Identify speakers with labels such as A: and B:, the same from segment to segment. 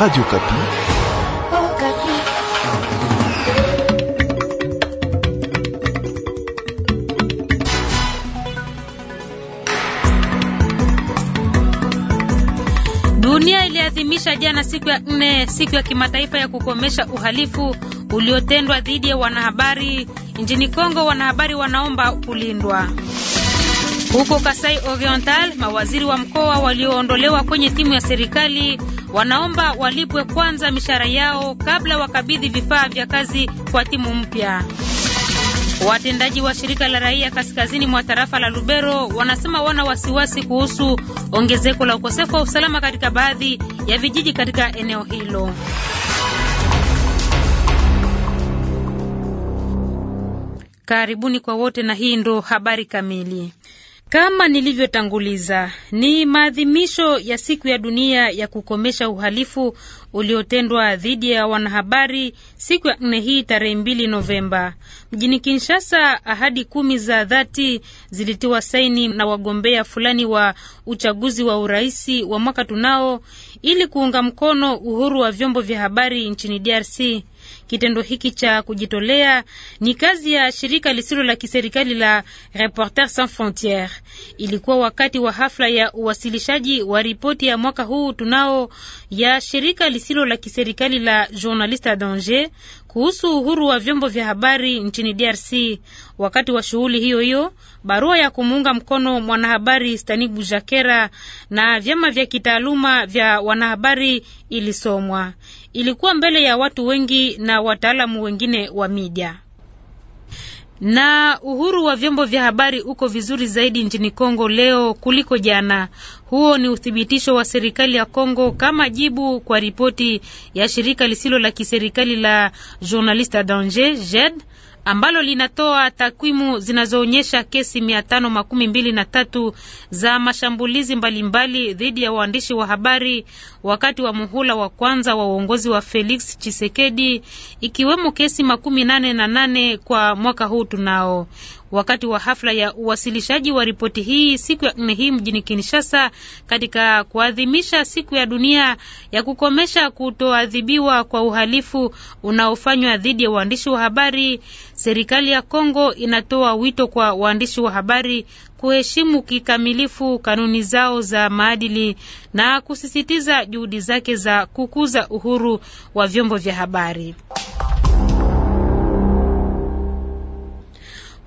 A: Radio Kapi. Oh,
B: Kapi.
C: Dunia iliadhimisha jana siku ya nne, siku ya kimataifa ya kukomesha uhalifu uliotendwa dhidi ya wanahabari. Nchini Kongo wanahabari wanaomba kulindwa. Huko Kasai Oriental, mawaziri wa mkoa walioondolewa kwenye timu ya serikali wanaomba walipwe kwanza mishahara yao kabla wakabidhi vifaa vya kazi kwa timu mpya. Watendaji wa shirika la raia kaskazini mwa tarafa la Lubero wanasema wana wasiwasi kuhusu ongezeko la ukosefu wa usalama katika baadhi ya vijiji katika eneo hilo. Karibuni kwa wote na hii ndo habari kamili. Kama nilivyotanguliza, ni maadhimisho ya siku ya dunia ya kukomesha uhalifu uliotendwa dhidi ya wanahabari siku ya nne hii tarehe mbili Novemba mjini Kinshasa. Ahadi kumi za dhati zilitiwa saini na wagombea fulani wa uchaguzi wa uraisi wa mwaka tunao ili kuunga mkono uhuru wa vyombo vya habari nchini DRC. Kitendo hiki cha kujitolea ni kazi ya shirika lisilo la kiserikali la Reporters Sans Frontieres. Ilikuwa wakati wa hafla ya uwasilishaji wa ripoti ya mwaka huu tunao ya shirika lisilo la kiserikali la Journalistes Danger kuhusu uhuru wa vyombo vya habari nchini DRC. Wakati wa shughuli hiyo hiyo, barua ya kumuunga mkono mwanahabari Stani Bujakera na vyama vya kitaaluma vya wanahabari ilisomwa ilikuwa mbele ya watu wengi na wataalamu wengine wa media. Na uhuru wa vyombo vya habari uko vizuri zaidi nchini Kongo leo kuliko jana. Huo ni uthibitisho wa serikali ya Kongo kama jibu kwa ripoti ya shirika lisilo la kiserikali la Journaliste Danger JED ambalo linatoa takwimu zinazoonyesha kesi mia tano makumi mbili na tatu za mashambulizi mbalimbali dhidi ya waandishi wa habari wakati wa muhula wa kwanza wa uongozi wa Felix Chisekedi, ikiwemo kesi makumi nane na nane kwa mwaka huu tunao. Wakati wa hafla ya uwasilishaji wa ripoti hii siku ya nne hii mjini Kinshasa, katika kuadhimisha siku ya dunia ya kukomesha kutoadhibiwa kwa uhalifu unaofanywa dhidi ya waandishi wa habari serikali ya Kongo inatoa wito kwa waandishi wa habari kuheshimu kikamilifu kanuni zao za maadili na kusisitiza juhudi zake za kukuza uhuru wa vyombo vya habari.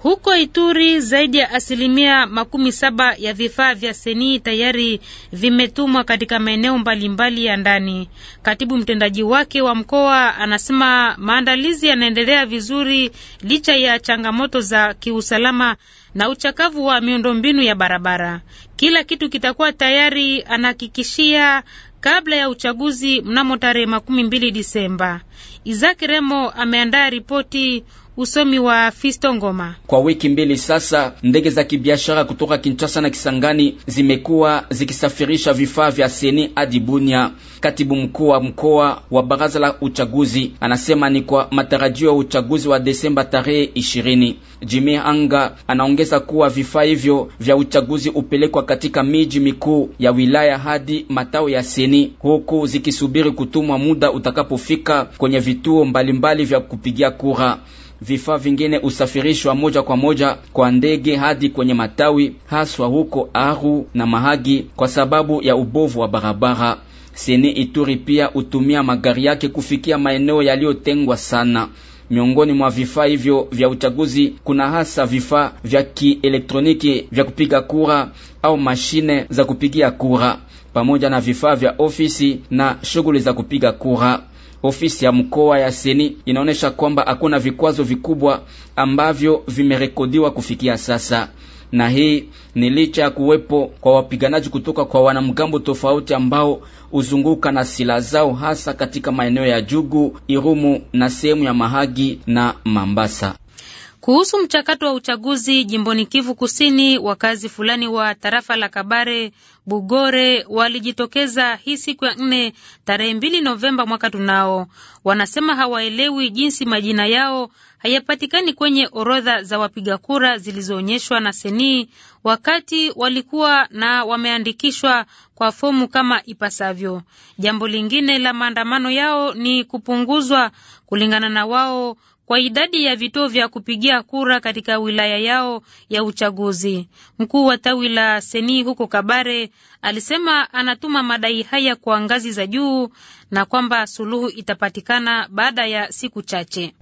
C: Huko Ituri zaidi ya asilimia makumi saba ya vifaa vya senii tayari vimetumwa katika maeneo mbalimbali ya ndani. Katibu mtendaji wake wa mkoa anasema maandalizi yanaendelea vizuri licha ya changamoto za kiusalama na uchakavu wa miundombinu ya barabara. Kila kitu kitakuwa tayari, anahakikishia, kabla ya uchaguzi mnamo tarehe makumi mbili Disemba. Izaki Remo ameandaa ripoti. Usomi wa Fisto Ngoma.
D: Kwa wiki mbili sasa, ndege za kibiashara kutoka Kinshasa na Kisangani zimekuwa zikisafirisha vifaa vya seni hadi Bunia. Katibu mkuu wa mkoa wa baraza la uchaguzi anasema ni kwa matarajio ya uchaguzi wa Desemba tarehe ishirini. Jimmy Anga anaongeza kuwa vifaa hivyo vya uchaguzi upelekwa katika miji mikuu ya wilaya hadi matao ya seni, huku zikisubiri kutumwa muda utakapofika kwenye vituo mbalimbali mbali vya kupigia kura. Vifaa vingine husafirishwa moja kwa moja kwa ndege hadi kwenye matawi haswa huko Aru na Mahagi kwa sababu ya ubovu wa barabara. Seni Ituri pia hutumia magari yake kufikia maeneo yaliyotengwa sana. Miongoni mwa vifaa hivyo vya uchaguzi kuna hasa vifaa vya kielektroniki vya kupiga kura au mashine za kupigia kura pamoja na vifaa vya ofisi na shughuli za kupiga kura ofisi ya mkoa ya Seni inaonyesha kwamba hakuna vikwazo vikubwa ambavyo vimerekodiwa kufikia sasa na hii ni licha ya kuwepo kwa wapiganaji kutoka kwa wanamgambo tofauti ambao huzunguka na silaha zao hasa katika maeneo ya Jugu, Irumu na sehemu ya Mahagi na Mambasa.
C: Kuhusu mchakato wa uchaguzi jimboni Kivu Kusini, wakazi fulani wa tarafa la Kabare Bugore walijitokeza hii siku ya nne tarehe mbili Novemba mwaka tunao. Wanasema hawaelewi jinsi majina yao hayapatikani kwenye orodha za wapiga kura zilizoonyeshwa na Senii wakati walikuwa na wameandikishwa kwa fomu kama ipasavyo. Jambo lingine la maandamano yao ni kupunguzwa kulingana na wao kwa idadi ya vituo vya kupigia kura katika wilaya yao ya uchaguzi. Mkuu wa tawi la Seni huko Kabare alisema anatuma madai haya kwa ngazi za juu na kwamba suluhu itapatikana baada ya siku chache.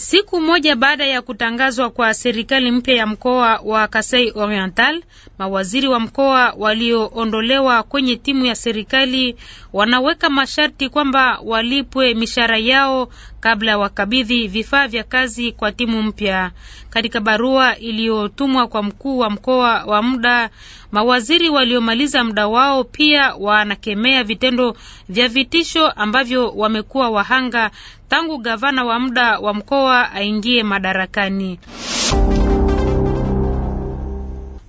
C: Siku moja baada ya kutangazwa kwa serikali mpya ya mkoa wa Kasai Oriental, mawaziri wa mkoa walioondolewa kwenye timu ya serikali wanaweka masharti kwamba walipwe mishahara yao kabla wakabidhi vifaa vya kazi kwa timu mpya. Katika barua iliyotumwa kwa mkuu wa mkoa wa muda, mawaziri waliomaliza muda wao pia wanakemea vitendo vya vitisho ambavyo wamekuwa wahanga tangu gavana wa muda wa mkoa aingie madarakani.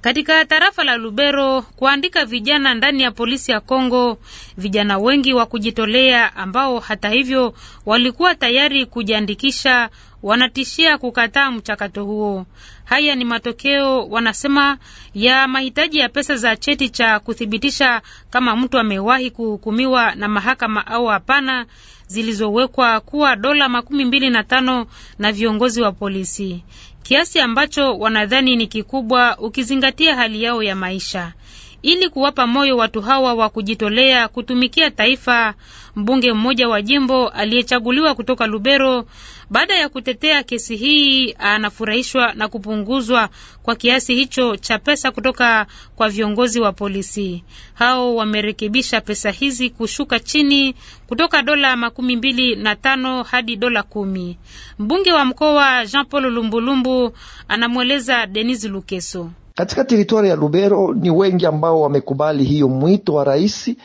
C: Katika tarafa la Lubero, kuandika vijana ndani ya polisi ya Kongo, vijana wengi wa kujitolea ambao hata hivyo walikuwa tayari kujiandikisha wanatishia kukataa mchakato huo. Haya ni matokeo wanasema ya mahitaji ya pesa za cheti cha kuthibitisha kama mtu amewahi kuhukumiwa na mahakama au hapana, zilizowekwa kuwa dola makumi mbili na tano na viongozi wa polisi, kiasi ambacho wanadhani ni kikubwa ukizingatia hali yao ya maisha ili kuwapa moyo watu hawa wa kujitolea kutumikia taifa. Mbunge mmoja wa jimbo aliyechaguliwa kutoka Lubero, baada ya kutetea kesi hii, anafurahishwa na kupunguzwa kwa kiasi hicho cha pesa kutoka kwa viongozi wa polisi. Hao wamerekebisha pesa hizi kushuka chini kutoka dola makumi mbili na tano hadi dola kumi. Mbunge wa mkoa Jean Paul Lumbulumbu anamweleza Denis Lukeso.
A: Katika teritwari ya Lubero ni wengi ambao wamekubali hiyo mwito wa rais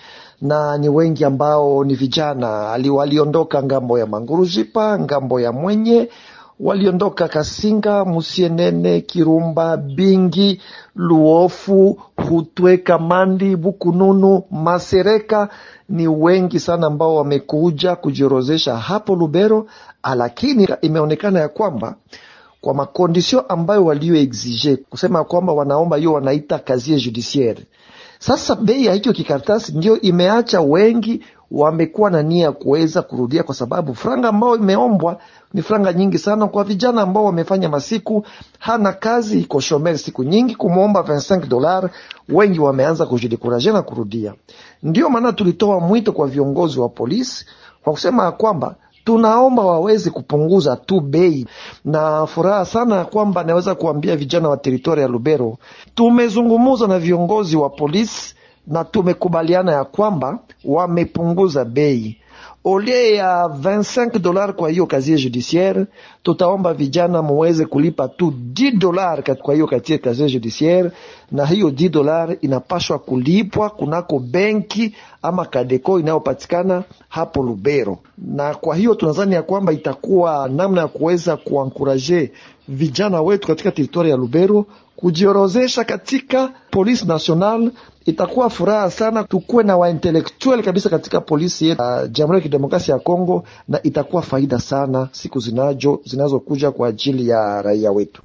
A: na ni wengi ambao ni vijana ali, waliondoka ngambo ya Manguruzipa, ngambo ya Mwenye, waliondoka Kasinga, Musienene, Kirumba, Bingi, Luofu, Hutwe, Kamandi, Bukununu, Masereka. Ni wengi sana ambao wamekuja kujiorozesha hapo Lubero, lakini imeonekana ya kwamba kwa makondisio ambayo exige kusema kwamba wanaomba hiyo wanaita kazie judiciaire. Sasa bei ya hicho kikaratasi ndio imeacha wengi wamekuwa na nia ya kuweza kurudia, kwa sababu franga ambayo imeombwa ni franga nyingi sana kwa vijana ambao wamefanya masiku hana kazi, iko shomeri siku nyingi kumwomba 25 dola. Wengi wameanza kujidikuraje na kurudia. Ndio maana tulitoa mwito kwa viongozi wa polisi kwa kusema kwamba tunaomba waweze kupunguza tu bei, na furaha sana kwamba naweza kuambia vijana wa teritoria ya Lubero, tumezungumuza na viongozi wa polisi na tumekubaliana ya kwamba wamepunguza bei au lieu ya 25 dollars kwa hiyo kazie judiciaire, tutaomba vijana muweze kulipa tu 10 dollars kwa hiyo kazie kazie judiciaire, na hiyo 10 dollars inapashwa kulipwa kunako benki ama Kadeko inayopatikana hapo Lubero. Na kwa hiyo tunadhani ya kwamba itakuwa namna ya kuweza kuankuraje vijana wetu katika teritoria ya Lubero kujiorozesha katika polisi national itakuwa furaha sana tukuwe na waintelektuel kabisa katika polisi yetu ya uh, Jamhuri ya Kidemokrasia ya Kongo, na itakuwa faida sana siku zinazo zinazokuja kwa ajili ya raia wetu.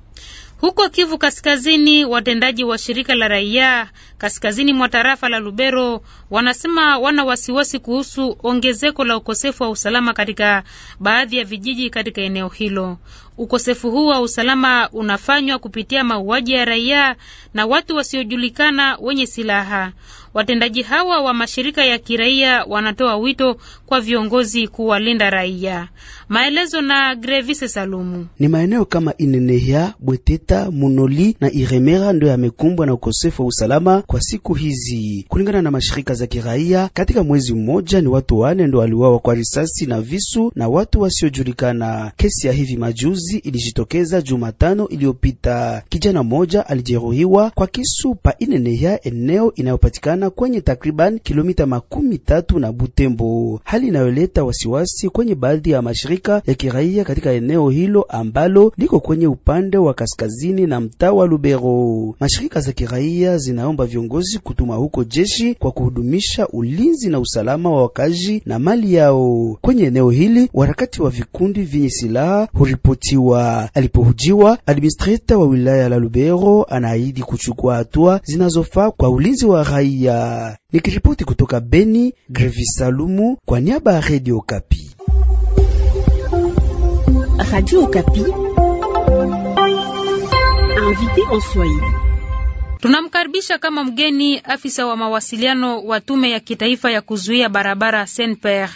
C: Huko Kivu Kaskazini, watendaji wa shirika la raia kaskazini mwa tarafa la Lubero wanasema wana wasiwasi kuhusu ongezeko la ukosefu wa usalama katika baadhi ya vijiji katika eneo hilo. Ukosefu huu wa usalama unafanywa kupitia mauaji ya raia na watu wasiojulikana wenye silaha. Watendaji hawa wa mashirika ya kiraia wanatoa wito kwa viongozi kuwalinda raia. Maelezo na Grevise Salumu.
E: Ni maeneo kama Inenehya, Bweteta, Munoli na Iremera ndio yamekumbwa na ukosefu wa usalama kwa siku hizi, kulingana na mashirika za kiraia. Katika mwezi mmoja ni watu wane ndio waliuawa kwa risasi na visu na watu wasiojulikana. Kesi ya hivi majuzi ilijitokeza Jumatano iliyopita, kijana mmoja alijeruhiwa kwa kisu pa Inenehya, eneo inayopatikana kupatikana kwenye takriban kilomita makumi tatu na Butembo, hali inayoleta wasiwasi kwenye baadhi ya mashirika ya kiraia katika eneo hilo ambalo liko kwenye upande wa kaskazini na mtaa wa Lubero. Mashirika za kiraia zinaomba viongozi kutuma huko jeshi kwa kuhudumisha ulinzi na usalama wa wakazi na mali yao kwenye eneo hili. Warakati wa vikundi vyenye silaha huripotiwa. Alipohujiwa, administrator wa wilaya la Lubero anaahidi kuchukua hatua zinazofaa kwa ulinzi wa raia. Luya. Nikiripoti kutoka Beni, Grevi Salumu kwa niaba ya Radio Kapi. Radio Kapi.
C: Tunamkaribisha kama mgeni afisa wa mawasiliano wa tume ya kitaifa ya kuzuia barabara Senper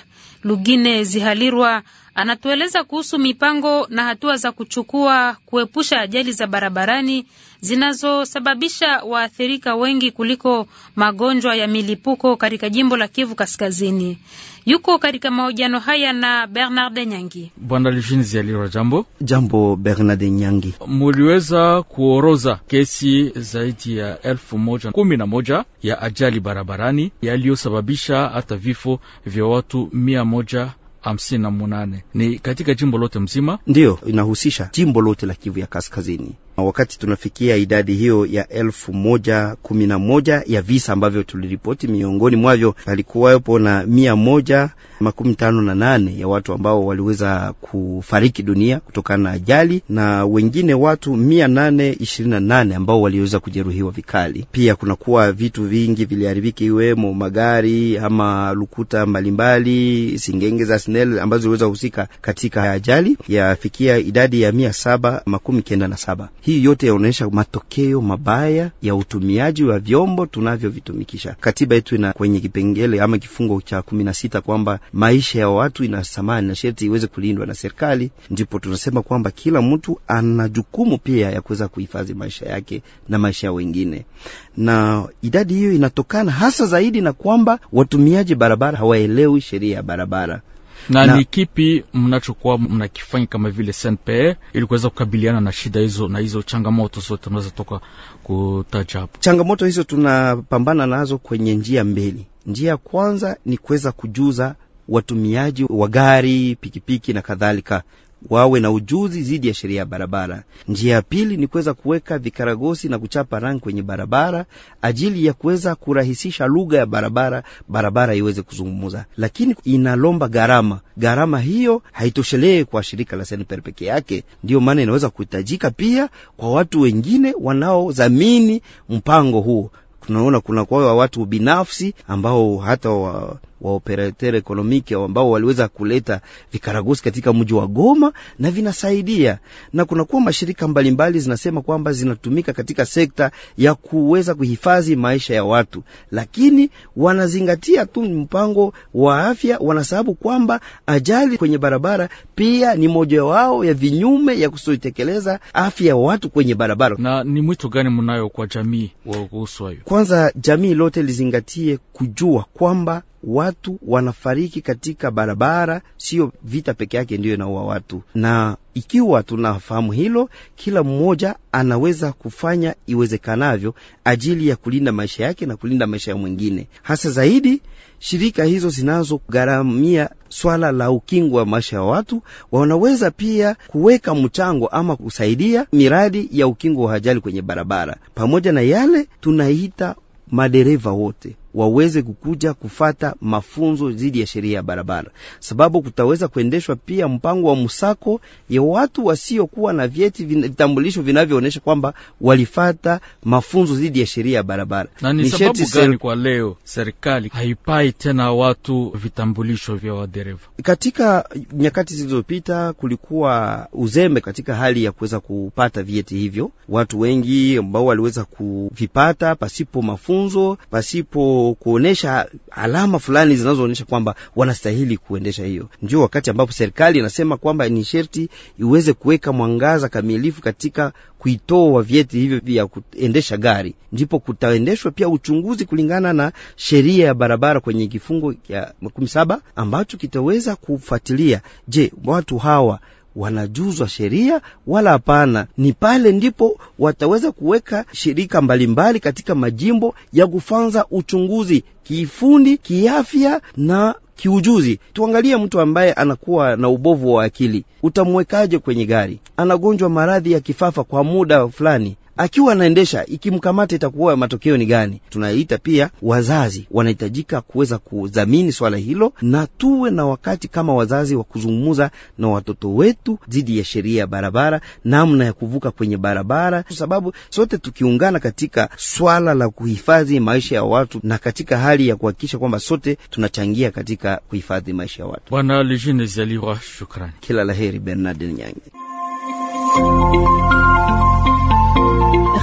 C: Lugine Zihalirwa Anatueleza kuhusu mipango na hatua za kuchukua kuepusha ajali za barabarani zinazosababisha waathirika wengi kuliko magonjwa ya milipuko katika jimbo la Kivu Kaskazini. Yuko katika mahojiano haya na Bernard Nyangi.
D: Bwana Lishinzi Aliro, jambo jambo. Bernard Nyangi, muliweza kuoroza kesi zaidi ya elfu moja kumi na moja ya ajali barabarani yaliyosababisha hata vifo vya watu mia moja hamsini na munane ni katika jimbo lote mzima,
B: ndiyo inahusisha jimbo lote la Kivu ya Kaskazini. Wakati tunafikia idadi hiyo ya elfu moja kumi na moja ya visa ambavyo tuliripoti, miongoni mwavyo palikuwapo na mia moja makumi tano na nane ya watu ambao waliweza kufariki dunia kutokana na ajali na wengine watu mia nane ishirini na nane ambao waliweza kujeruhiwa vikali. Pia kunakuwa vitu vingi viliharibiki, iwemo magari ama lukuta mbalimbali, singenge za SNEL ambazo ziliweza kuhusika katika ajali, yafikia idadi ya mia saba makumi kenda na saba. Hii yote yaonyesha matokeo mabaya ya utumiaji wa vyombo tunavyovitumikisha. Katiba yetu ina kwenye kipengele ama kifungo cha kumi na sita kwamba maisha ya watu ina thamani na sherti iweze kulindwa na serikali. Ndipo tunasema kwamba kila mtu ana jukumu pia ya kuweza kuhifadhi maisha yake na maisha ya wengine, na idadi hiyo inatokana hasa zaidi na kwamba watumiaji barabara hawaelewi sheria ya barabara na, na ni
D: kipi mnachokuwa mnakifanya kama vile SNPR ili kuweza kukabiliana na shida hizo na hizo changamoto zote mnaweza toka kutaja hapo?
B: Changamoto hizo tunapambana nazo kwenye njia mbili. Njia ya kwanza ni kuweza kujuza watumiaji wa gari, pikipiki na kadhalika wawe na ujuzi zidi ya sheria ya barabara. Njia ya pili ni kuweza kuweka vikaragosi na kuchapa rangi kwenye barabara ajili ya kuweza kurahisisha lugha ya barabara, barabara iweze kuzungumza, lakini inalomba gharama. Gharama hiyo haitoshelee kwa shirika la Senper peke yake, ndiyo maana inaweza kuhitajika pia kwa watu wengine wanaodhamini mpango huo. Tunaona kuna kwa watu binafsi ambao hata wa wa operateur ekonomike ambao waliweza kuleta vikaragosi katika mji wa Goma na vinasaidia, na kunakuwa mashirika mbalimbali mbali zinasema kwamba zinatumika katika sekta ya kuweza kuhifadhi maisha ya watu, lakini wanazingatia tu mpango wa afya, wanasababu kwamba ajali kwenye barabara pia ni moja wao ya vinyume ya kusoitekeleza
D: afya ya watu kwenye barabara. Na ni mwito gani mnayo kwa jamii
B: wa kuhusu hayo? Kwanza jamii lote lizingatie kujua kwamba watu wanafariki katika barabara. Sio vita peke yake ndiyo inaua watu, na ikiwa tunafahamu hilo, kila mmoja anaweza kufanya iwezekanavyo ajili ya kulinda maisha yake na kulinda maisha ya mwingine, hasa zaidi shirika hizo zinazogharamia swala la ukingo wa maisha ya watu wanaweza pia kuweka mchango ama kusaidia miradi ya ukingo wa ajali kwenye barabara, pamoja na yale tunaita madereva wote waweze kukuja kufata mafunzo dhidi ya sheria ya barabara, sababu kutaweza kuendeshwa pia mpango wa msako ya watu wasiokuwa na vyeti vitambulisho vinavyoonyesha kwamba walifata mafunzo dhidi ya sheria ya barabara. Na ni sababu gani ser...
D: kwa leo serikali haipai tena watu vitambulisho vya wadereva?
B: Katika nyakati zilizopita kulikuwa uzembe katika hali ya kuweza kupata vyeti hivyo, watu wengi ambao waliweza kuvipata pasipo mafunzo pasipo kuonesha alama fulani zinazoonyesha kwamba wanastahili kuendesha hiyo. Ndio wakati ambapo serikali inasema kwamba ni sherti iweze kuweka mwangaza kamilifu katika kuitoa vyeti hivyo vya kuendesha gari, ndipo kutaendeshwa pia uchunguzi kulingana na sheria ya barabara kwenye kifungo cha makumi saba ambacho kitaweza kufuatilia, je, watu hawa wanajuzwa sheria wala hapana. Ni pale ndipo wataweza kuweka shirika mbalimbali katika majimbo ya kufanza uchunguzi kifundi, kiafya na kiujuzi. Tuangalie mtu ambaye anakuwa na ubovu wa akili, utamwekaje kwenye gari? Anagonjwa maradhi ya kifafa kwa muda fulani akiwa anaendesha, ikimkamata itakuwa matokeo ni gani? Tunaita pia wazazi wanahitajika kuweza kudhamini swala hilo, na tuwe na wakati kama wazazi wa kuzungumza na watoto wetu dhidi ya sheria ya barabara, namna ya kuvuka kwenye barabara, kwa sababu sote tukiungana katika swala la kuhifadhi maisha ya watu na katika hali ya kuhakikisha kwamba sote tunachangia katika kuhifadhi maisha ya watu. Bwana shukran Zaliwa, shukrani, kila laheri. Bernard Nyange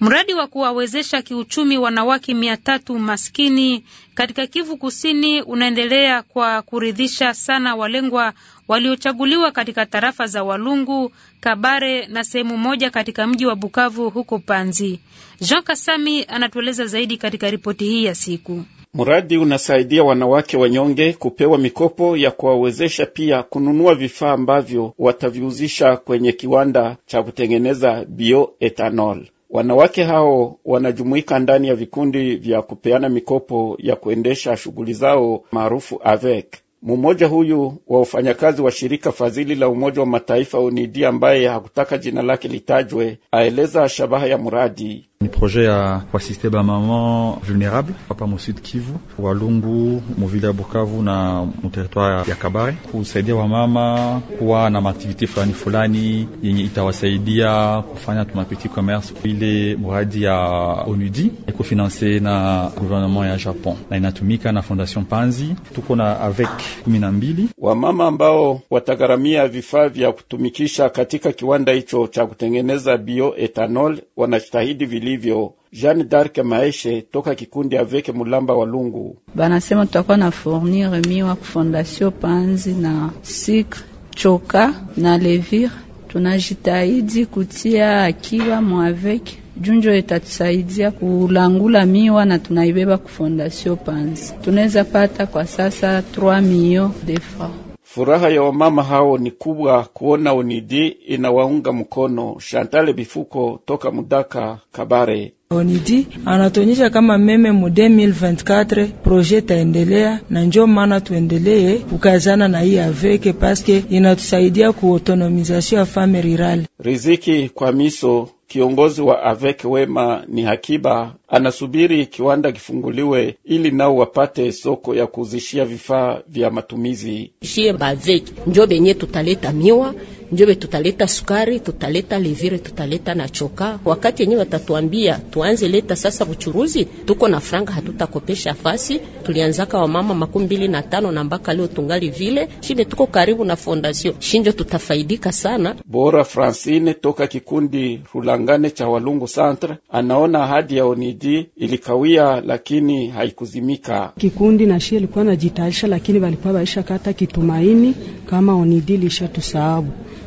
C: Mradi wa kuwawezesha kiuchumi wanawake mia tatu maskini katika Kivu Kusini unaendelea kwa kuridhisha sana walengwa waliochaguliwa katika tarafa za Walungu, Kabare na sehemu moja katika mji wa Bukavu huko Panzi. Jean Kasami anatueleza zaidi katika ripoti hii ya siku.
F: Mradi unasaidia wanawake wanyonge kupewa mikopo ya kuwawezesha pia kununua vifaa ambavyo wataviuzisha kwenye kiwanda cha kutengeneza bioethanol. Wanawake hao wanajumuika ndani ya vikundi vya kupeana mikopo ya kuendesha shughuli zao maarufu AVEC. Mmoja huyu wa wafanyakazi wa shirika fadhili la Umoja wa Mataifa UNIDI, ambaye hakutaka jina lake litajwe, aeleza shabaha ya mradi.
D: Ni proje ya kuasiste bamama vulnerable hapa musud Kivu, Walungu, muvile ya Bukavu na muteritware ya Kabare, kusaidia wamama kuwa na maaktivite fulani fulani yenye itawasaidia kufanya tumapetit commerce. Ile muradi ya ONUDI iko finanse na gouvernement ya Japon na inatumika na Fondation Panzi. Tuko
F: na avec kumi na mbili wamama ambao watagharamia vifaa vya kutumikisha katika kiwanda hicho cha kutengeneza bioethanol, wanastahidi ilivyo. Jeanne Dark Maeshe toka kikundi Aveke Mulamba Lungu
C: banasema tutakuwa na fournir miwa ku fondation panzi na sikre choka na levire. Tunajitahidi kutia akiba mwaveke junjo itatusaidia kulangula miwa na tunaibeba ku fondation panzi. Tunaweza pata kwa sasa
D: 3 millions de francs
F: Furaha ya wamama hao ni kubwa kuona Onidi inawaunga mkono. Chantal Bifuko toka Mudaka, Kabare.
D: Onidi
B: anatonyesha kama meme mu 2024 proje taendelea, na njo maana tuendelee kukazana na hii aveke paske inatusaidia ku autonomisation ya femme
F: Riziki kwa miso Kiongozi wa AVEC Wema ni Hakiba anasubiri kiwanda kifunguliwe ili nao wapate soko ya kuuzishia vifaa vya matumizi.
C: Shie BAVEC njo benye tutaleta miwa, njo tutaleta sukari, tutaleta levire, tutaleta na choka. Wakati yenyewe watatuambia tuanze leta sasa buchuruzi, tuko na franga, hatutakopesha fasi. Tulianzaka wamama makumi mbili na tano na mpaka leo tungali vile shinde, tuko karibu na fondasio shinjo, tutafaidika sana.
F: Bora Francine toka kikundi Rula Kangane cha Walungu Centre anaona ahadi ya Onidi ilikawia, lakini haikuzimika.
E: Kikundi na shi ilikuwa najitayarisha, lakini walikuwa waisha kata kitumaini kama Onidi ilishatusahau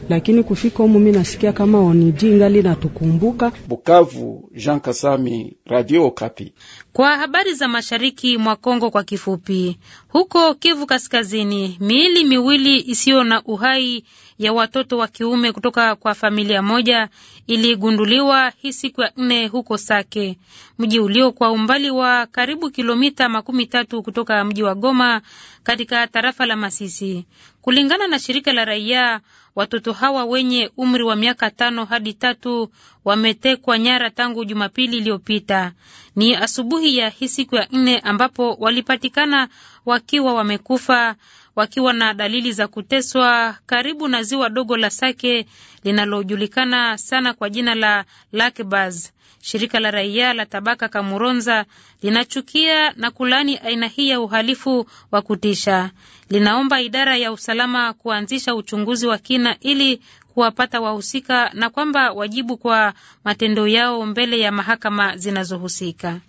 E: lakini kufika
F: humu mi nasikia kama onijinga linatukumbuka. Bukavu, Jean Kasami, Radio Okapi.
C: Kwa habari za mashariki mwa Kongo kwa kifupi, huko Kivu Kaskazini, miili miwili isiyo na uhai ya watoto wa kiume kutoka kwa familia moja iligunduliwa hii siku ya nne huko Sake, mji ulio kwa umbali wa karibu kilomita makumi tatu kutoka mji wa Goma katika tarafa la Masisi. Kulingana na shirika la raia, watoto hawa wenye umri wa miaka tano hadi tatu wametekwa nyara tangu Jumapili iliyopita. Ni asubuhi ya hii siku ya nne ambapo walipatikana wakiwa wamekufa wakiwa na dalili za kuteswa karibu na ziwa dogo la Sake linalojulikana sana kwa jina la Lakebaz. Shirika la raia la tabaka Kamuronza linachukia na kulani aina hii ya uhalifu wa kutisha linaomba idara ya usalama kuanzisha uchunguzi wa kina ili kuwapata wahusika na kwamba wajibu kwa matendo yao mbele ya mahakama zinazohusika.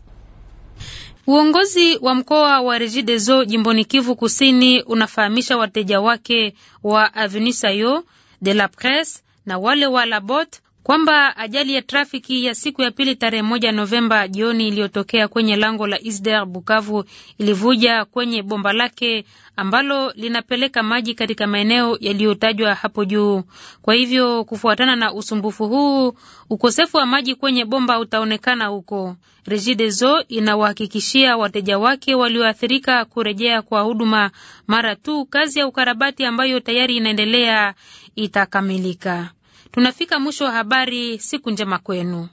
C: Uongozi wa mkoa wa Regideso jimboni Kivu Kusini unafahamisha wateja wake wa Avenisayo de la Presse na wale wa Labot kwamba ajali ya trafiki ya siku ya pili tarehe moja Novemba jioni iliyotokea kwenye lango la Isder Bukavu ilivuja kwenye bomba lake ambalo linapeleka maji katika maeneo yaliyotajwa hapo juu. Kwa hivyo, kufuatana na usumbufu huu, ukosefu wa maji kwenye bomba utaonekana huko. Regideso inawahakikishia wateja wake walioathirika kurejea kwa huduma mara tu kazi ya ukarabati ambayo tayari inaendelea itakamilika. Tunafika mwisho wa habari. Siku njema kwenu.